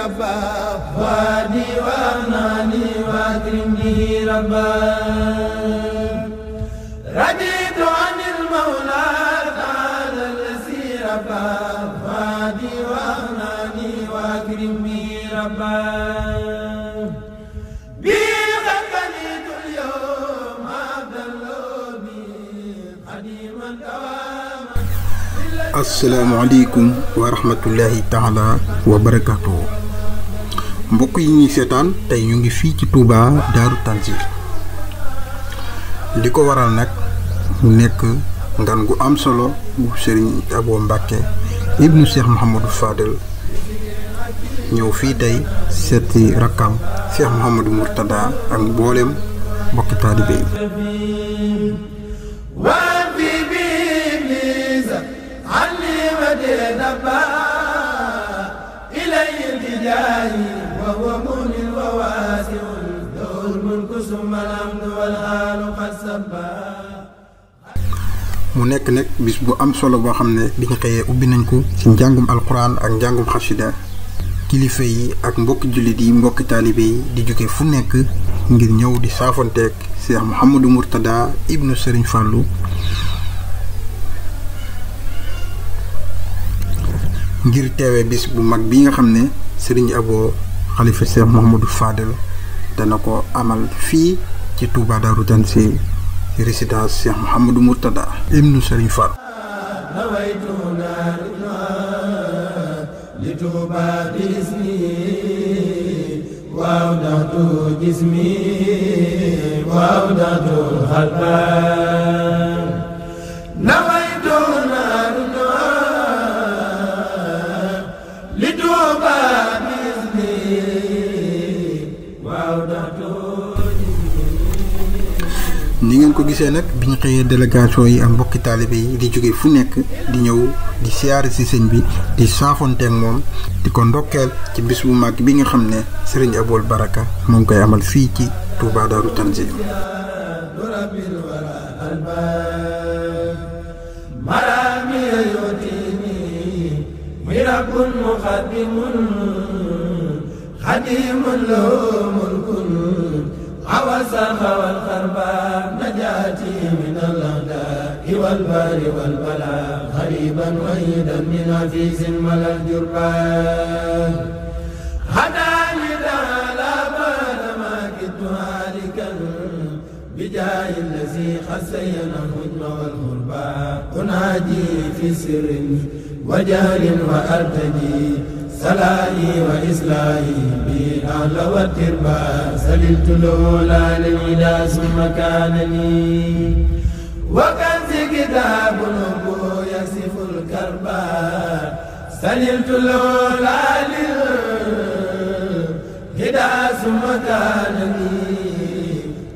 ربا وادي وارناني واكرم به ربا رديت عن المولى تعالى الذي ربا وادي وارناني واكرم به ربا asalaamaaleykum wa rahmatullahi taala wa barakaatu mbokk yi ñuy seetaan tey ñu ngi fii ci Touba Daaru Tanzil li ko waral nag mu nekk ngan gu am solo bu Serigne Abo Mbacke ibnu Cheikh Mouhamadou Fadel ñëw fii tey seeti rakkam Cheikh Mouhamadou Mourtada ak mboolem mbokki taalibe yi mu nekk nag bis bu am solo boo xam ne biñ xëyee ubbi nañ ko ci njàngum alxuraan ak njàngum xasida kilifa yi ak mbokki jullit yi mbokki taalibe yi di jóge fu nekk ngir ñëw di saafonteeg Cheikh Mouhamadou Mourtada ibnu Serigne Fallou ngir teewee bis bu mag bi nga xam ne Serigne Abo xalifa Cheikh Mouhamadou Fadel dana ko amal fii ci tuubaa Darou Tansi résidence Cheikh Mouhamadou Mourtada ibnu Serigne Fall waaw ko gisee nag biñ ñu xëyee délégation yi ak mbokki taalibe yi di jóge fu nekk di ñëw di siyaare si sëñ bi di saafonteeg moom di ko ndokkeel ci bis bu mag bi nga xam ne sëriñ Aboul Baraka mu ngi koy amal fii ci Touba Darou Tanzil xadimun lahu والسرح والخربان نجاتي من الأعداء والبار والبلاء غريبا وحيدا من عزيز ملا الجربان هداني تعالى بعد ما كدت هالكا بجاه الذي خسينا الهجم والغربان أنادي في سر وجهل وأرتجي سلائي وإسلائي بالأهل والتربى سلمت الأولى للغدا ثم كانني وكنز كتاب النبو يصف الكربى سلمت الأولى للغدا ثم كانني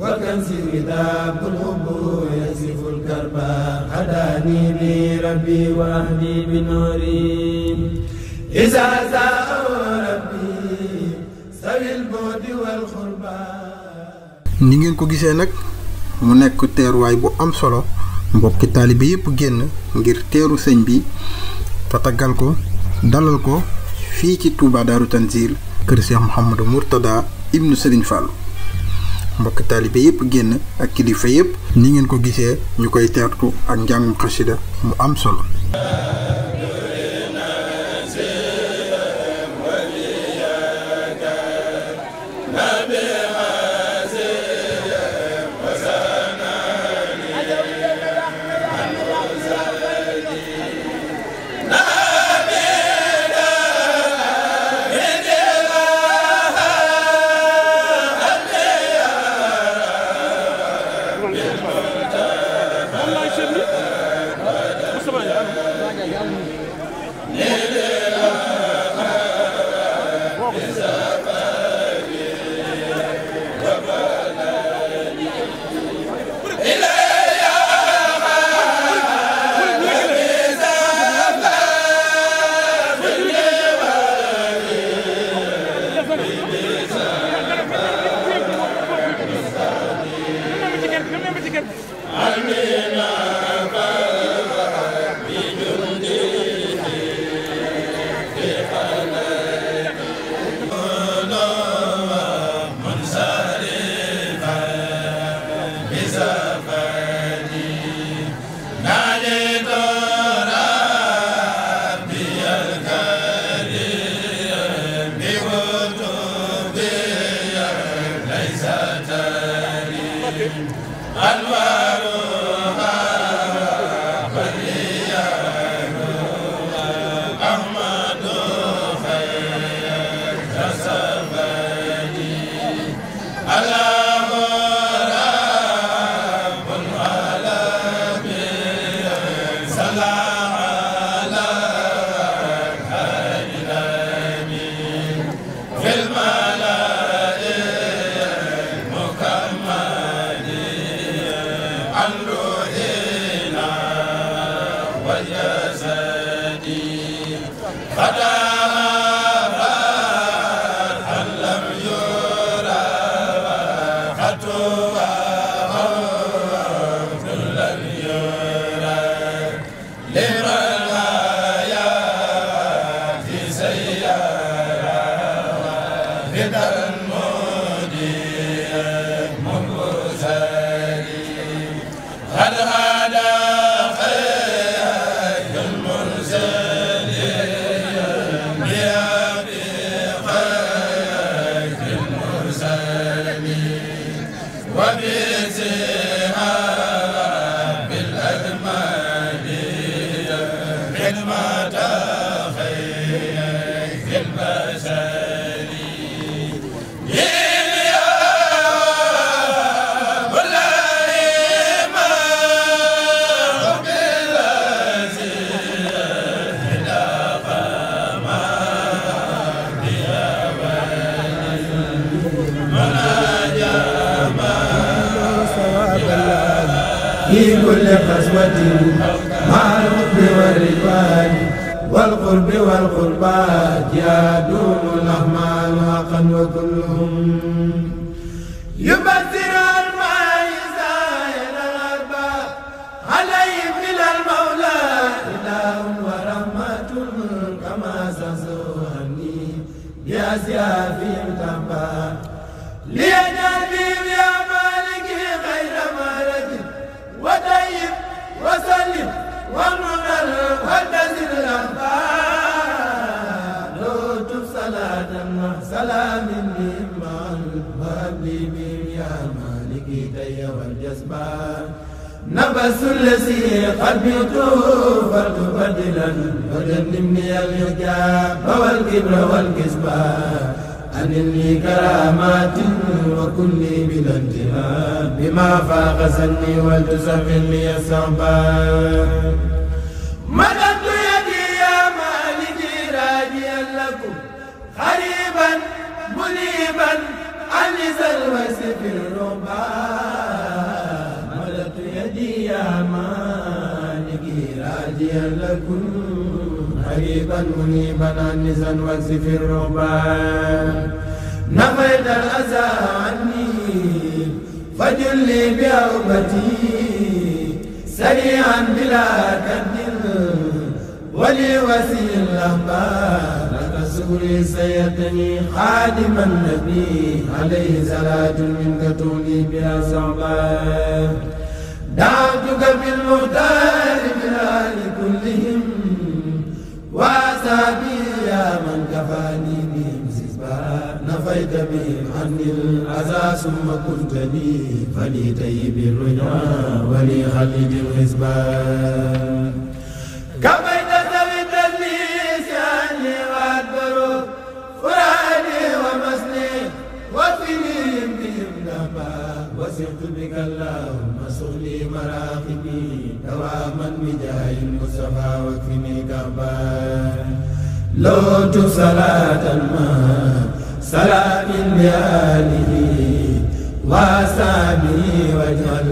وكنز كتاب النبو يصف الكربى هداني لي ربي وأهدي بنوري ni ngeen ko gisee nag mu nekk teeruwaay bu am solo mbokki taalibe yépp génn ngir teeru sëñ bi tatagal ko dalal ko fii ci Touba Daaru Tanzil kër Cheikh Mouhamadou Mourtada ibnu Serigne Fallou mbokki taalibe yépp génn ak kilifa yépp ni ngeen ko gisee ñu koy teertu ak njàngum xasida mu am solo Gracias. والقرب والقربى جادوا الأهمال حقا وكلهم يبذر المعيز إلى الأرباب عليهم من المولى إله ورحمة كما سسوني بأسيافهم نبس الذي قلبته فلتبدلا هدى النمي الحجاب والكبر والكسبى عن الكرامات وكل بلا انتهاء بما فاق سني ولتسمي لي الصعبان يلا كن قريبا منيبا عنزا واكسف الرهبان نفيت الأذى عني فجل لي بأوبتي سريعا بلا كد ولي وسيل الأخبار لك سوري سيتني خادم النبي عليه صلاة منك تولي بها صعبا دعوتك بالمختار لكلهم وأسابي يا من كفاني بهم سسبا نفيت بهم عني العزى ثم كنت لي فلي طيب الرجعى ولي خلد الحسبان وسقت بك اللهم سغلي مراقبي دواما بجاه المصطفى واكفني كربان لوت صلاة ما صلاة لآله وأصحابه واجعل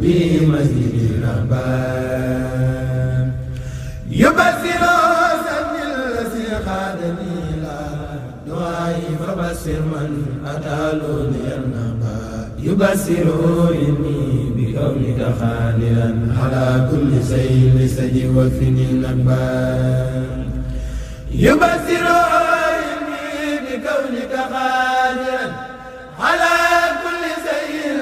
بي مزيد ربان يبصر فبشر من أتى لوني يبصروني بكونك خالدا على كل سيل سجي وفني النبان يبصروني بكونك خالدا على كل سيل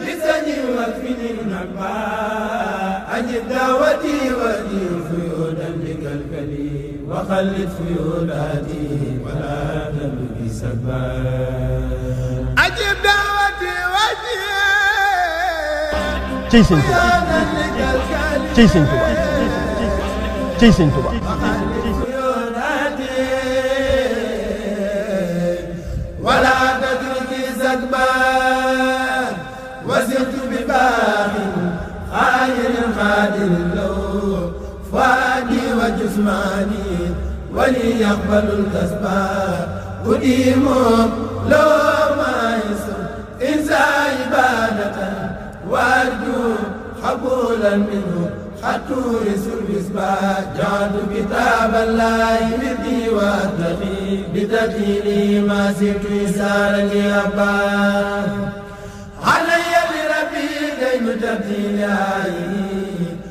لسجي وفني النبان أجب دعوتي ودين فيودا بك الكليم وخلد فيوداتي ولا تبكي سبان cey sëñ Tuba cey sëñ Tuba cey sëñ Tuba wala tatruki zakban wasirtu bi baaxin xaayirin xaadir law faadi wa jusmani wali yaqbalul kasba udimu loo ma insa ibadatan وارجو قبولا منه خطور سلسبا جعد كتاب الله مدي واتقي بتدليلي ما سرت وسارا لأبا علي لربي دين تدليلي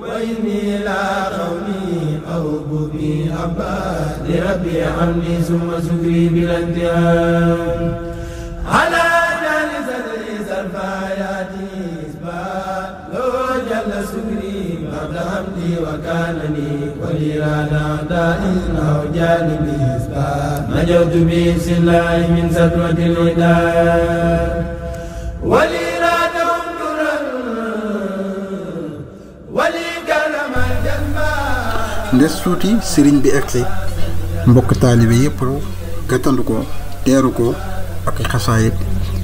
وإني لا قولي أوب بي أبا لربي عملي ثم سكري بلا انتهاء حمدي وكانني وليرانا دائما أو ndes tuuti sëriñ bi egsi mbokk taalibe yëpp gàttandu ko teeru ko ak xasaayit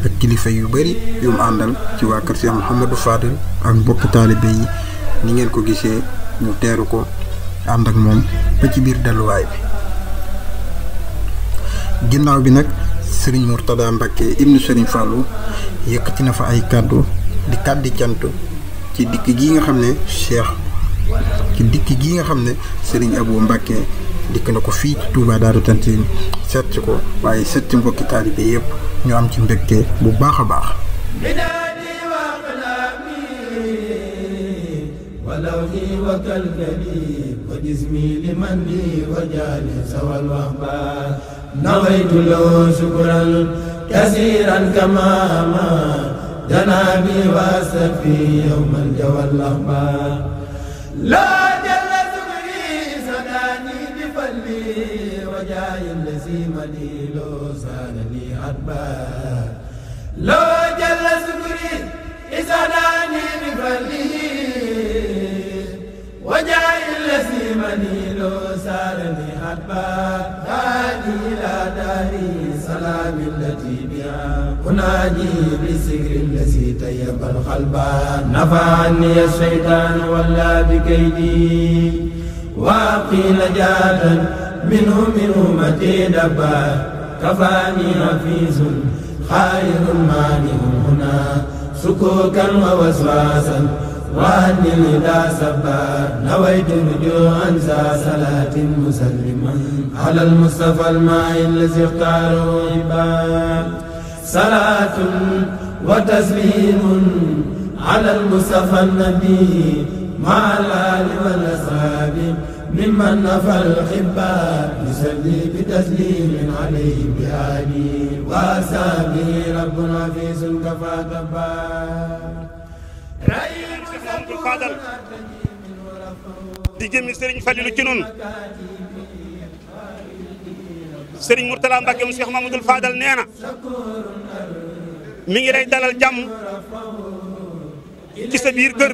ak kilifa yu bari yu àndal ci waa kër Cheikh Mouhamadou Fadil ak mbokk taalibe yi ni ngeen ko gisee ñu teeru ko ànd ak moom ba ci biir delluwaay bi ginnaaw bi nag sëriñ Mourtada Mbacke ibnu sëriñ Fallou yëkkati na fa ay kàddu di kàddi cantu ci dikk gi nga xam ne Cheikh dikk gi nga xam ne sëriñ Abou Mbacke dikk na ko fii ci Touba Daaru Tantin ko waaye seet ci mbokki taalibe yëpp ñu am ci mbégte bu baax a baax. لوحي وكالكبير وجسمي لمن لي وجالي سوى الوهبان نويت له شكرا كثيرا كما ما جنابي واسفي يوم الجوى الأخبار لا جل سكري سداني بفلي وجاي الذي مديلو سالني أدبار لا جل سكري سداني بفلي وجاء الذي منيل سالني حبا هادي الى داري سلام التي بها انادي بسكر الذي طيب القلب نفعني الشيطان ولا بكيدي وقيل جادا منه من امتي دبا كفاني حفيظ خير مانع هنا سكوكا ووسواسا وأنني لا سبا نويت رجوعا ذا صلاة مسلما على المصطفى الماء الذي اختاره عباد صلاة وتسليم على المصطفى النبي مع الآل والأصحاب ممن نفى الخبا يصلي بتسليم عليه بآله وأصحابه ربنا في سلك فتبا Abdou sëriñ di jëmmi ci nun sëriñ Mourtala Mbacke mu Cheikh Mamadou Fadal nee na mi ngi lay dalal jàmm ci sa biir kër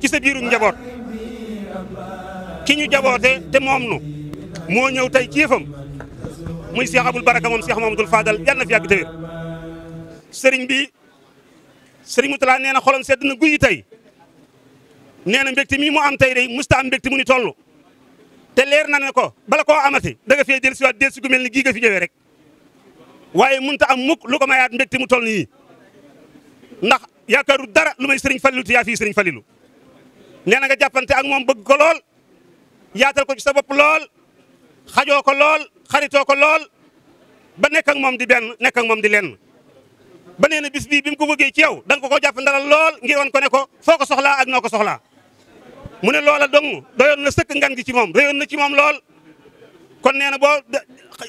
ci sa biiru njaboot ki ñu jaboote te moom nu moo ñëw tey ci yëfam muy Cheikh Abdoul Baraka moom Cheikh Mamadou Fadal yàlla na fi yàgg te sëriñ bi. Serigne Moutala nee na xolam sedd na guy tey nee na mbégte mii mu am tey de musta am mbégte mu ni toll. te leer na ne ko bala koo amati danga fee dellusiwaat dellusi gu mel ni gii nga fi ñëwee rek waaye mënut a am mukk lu ko mayaat mbégte mu toll nii ndax yaakaaru dara lu may Serigne Fallou te yaa fii Serigne Fallou nee na nga jàppante ak moom bëgg ko lool yaatal ko ci sa bopp lool xajoo ko lool xaritoo ko lool ba nekk moom di benn nekk ak moom di lenn. ba nee na bis bii bi mu ko bëggee ci yow da nga ko ko jàpp lool ngi wan ko ne ko foo ko soxlaa ak noo ko soxlaa mu ne loola dong doyoon na sëkk ngan gi ci moom réyoon na ci moom lool kon nee na boo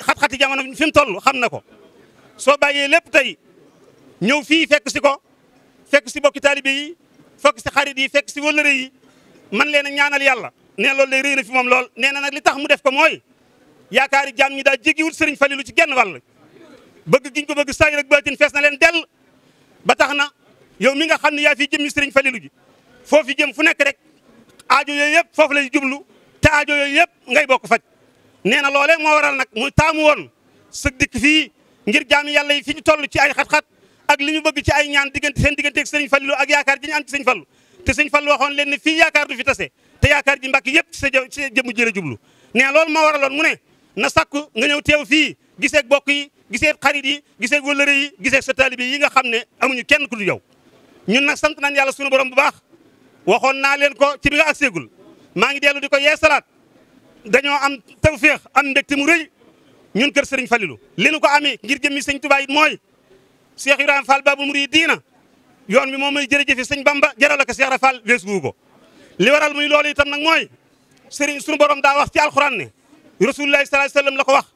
xat-xati jamono fi mu toll xam na ko soo bàyyee lépp tey ñëw fii fekk si ko fekk si bokki taalibe yi fekk si xarit yi fekk si wëllëre yi man leen ñaanal yàlla nee loolu day réy na fi moom lool nee nag li tax mu def ko mooy yaakaari jaam ñi daal jéggiwul sëriñ Falilu ci genn wàll bëgg giñ ko bëgg saayir rek baatin fees na leen dell ba tax na yow mi nga xam ne yaa fi jëm sëriñ Falilu ji foofu jëm fu nekk rek aajo yooyu yëpp foofu lay jublu te aajo yooyu yëpp ngay bokk faj nee na loolee moo waral nag mu taamu woon sëg dikk fii ngir jaami yàlla yi fi ñu toll ci ay xat-xat ak li ñu bëgg ci ay ñaan diggante seen diggante ak sëriñ Falilu ak yaakaar ji ñu am ci sëriñ Fallu te sëriñ Fallu waxoon leen ne fii yaakaar du fi tase te yaakaar ji mbàkk yëpp sa jëmu jëre jublu nee na loolu moo waraloon mu ne na sakku nga ñëw teew fii giseeg bokk yi giseet xarit yi giseet wëllëre yi giseet sa taalibe yi nga xam ne amuñu kenn ku du yow ñun nag sant nañ yàlla suñu borom bu baax waxoon naa leen ko ci bi nga agseegul maa ngi dellu di ko salaat dañoo am tawféex am mbégte mu rëy ñun kër sëriñ Falilou li nu ko amee ngir jëmmi sëñ Tuubaa it mooy Cheikh Ibrahima Fall Babou Mouridina yoon mi moom mooy jërëjëfi sëñ Bamba jaral la ko Cheikh Ibra Fall wees gu ko li waral muy loolu itam nag mooy sëriñ suñu borom daa wax ci alxuraan ne rasulullahi sallallahu alayhi wasallam la ko wax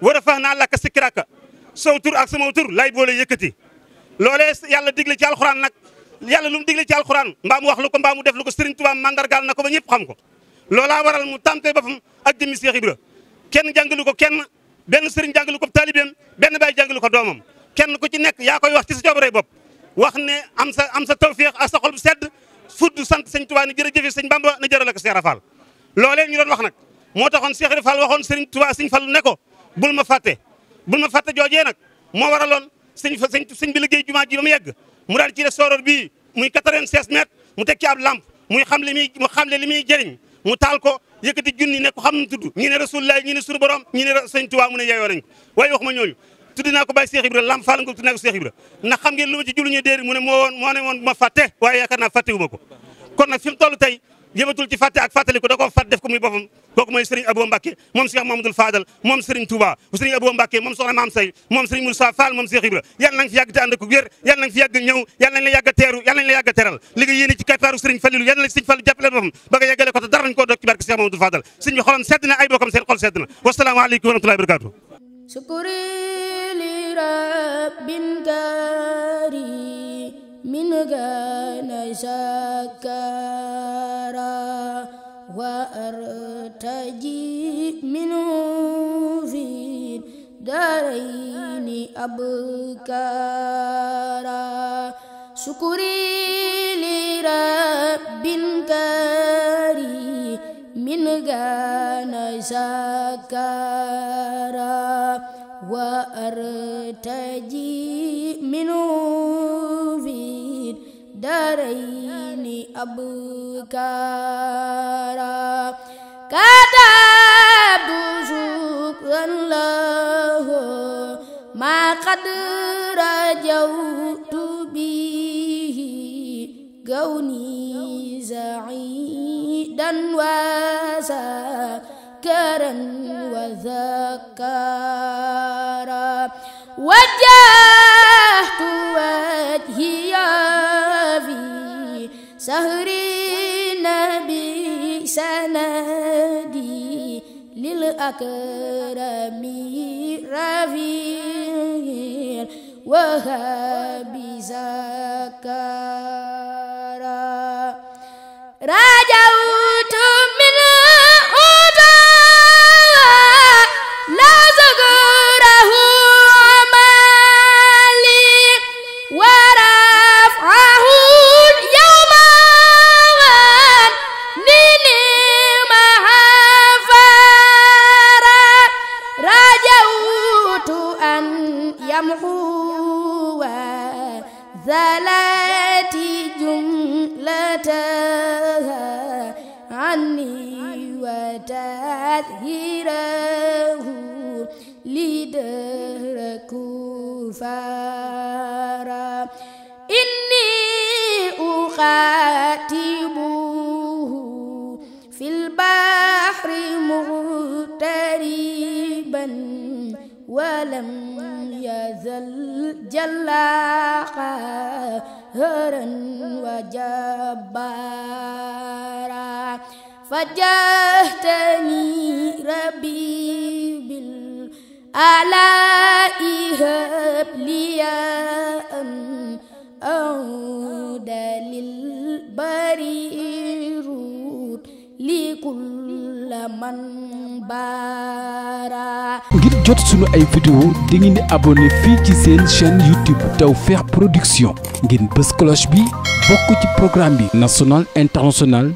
war a fax naa la ka sow tur ak sama tur lay boole yëkkati loolee yàlla digle ci alxuraan nag yàlla lu mu digle ci alxuraan mbaa mu wax lu ko mbaa mu def lu ko Serigne Touba mandargaal na ko ba ñëpp xam ko loolaa waral mu tàmpee boppam ak jëmmi Cheikh Ibra kenn jàngalu ko kenn benn Serigne jàngalu ko taalibeem benn baay jàngalu ko doomam kenn ku ci nekk yaa koy wax ci sa coobare bopp wax ne am sa am sa tawféex ak sa xol bu sedd fudd sant sëñ Touba ni jërëjëf sëñ Bamba na jëral ko Cheikh Rafal loolee ñu doon wax nag moo taxoon Cheikh Rafal waxoon Serigne Touba Serigne Fallu ne ko bul ma fàtte bul ma fàtte joojee nag moo waraloon sëñ fa sëñ sëñ bi liggéey jumaa ji ba mu yegg mu daal ci def sooroor bii muy 96 mètres mu teg ci lamp muy xam li muy mu xam li muy jëriñ mu taal ko yëkkati junni ne ko xam nu tudd ñi ne rasulullah ñi ne sunu borom ñi ne sëñ Tuubaa mu ne yeyoo nañ ko waaye waxuma ñooñu tuddi naa ko Baye Cheikh Ibra Lamp Fall nga tuddi naa ko Cheikh Ibra ndax xam ngeen lu ma ci juluñu déer mu moo woon moo ne woon bu ma fàtte waaye yaakaar naa ko kon nag fi mu toll yëmatul ci fàtte ak fàttaliku da ko fat def ko muy boppam kooku mooy Serigne Abou Mbacké moom Cheikh Mamadou Fadal moom Serigne Touba Serigne Abou Mbacké moom soxna Maam Say moom Serigne Moussa Fall moom Cheikh Ibra nañ fi yàgg te ànd ak wér nañ fi yàgg ñëw yàlla nañ la yàgg a teeru yàlla nañ la yàgg a teral li nga yéene ci kappaaru Serigne Fallilu yàlla nañ Serigne Fallilu jàppale boppam ba nga yeggale ko te dara ñu koo ci barke Cheikh Mamadou Fadal Serigne bi xolam sedd ay bokkam seen wa rahmatullahi من كان شكارا وأرتجي منه في دارين أبكارا شكري لرب كريم من كان شكارا وأرتجي منه الدارين أبكارا كتبت شكرا له ما قد رجوت به كوني سعيدا وسكرا وذكارا وجهت وجهي sahri nabi sanadi lil akrami rafi wahabi zaka ولم يزل جل قاهرا وجبارا فجاهتني ربي بالآلاء هب لي أن أعود للبريء lii kul man baara ngir jot suñu ay vidéo di ngeen di abonné fii ci seen chaîne YouTube Tawfekh Production ngir bës cloche bi bokk ci programme bi national international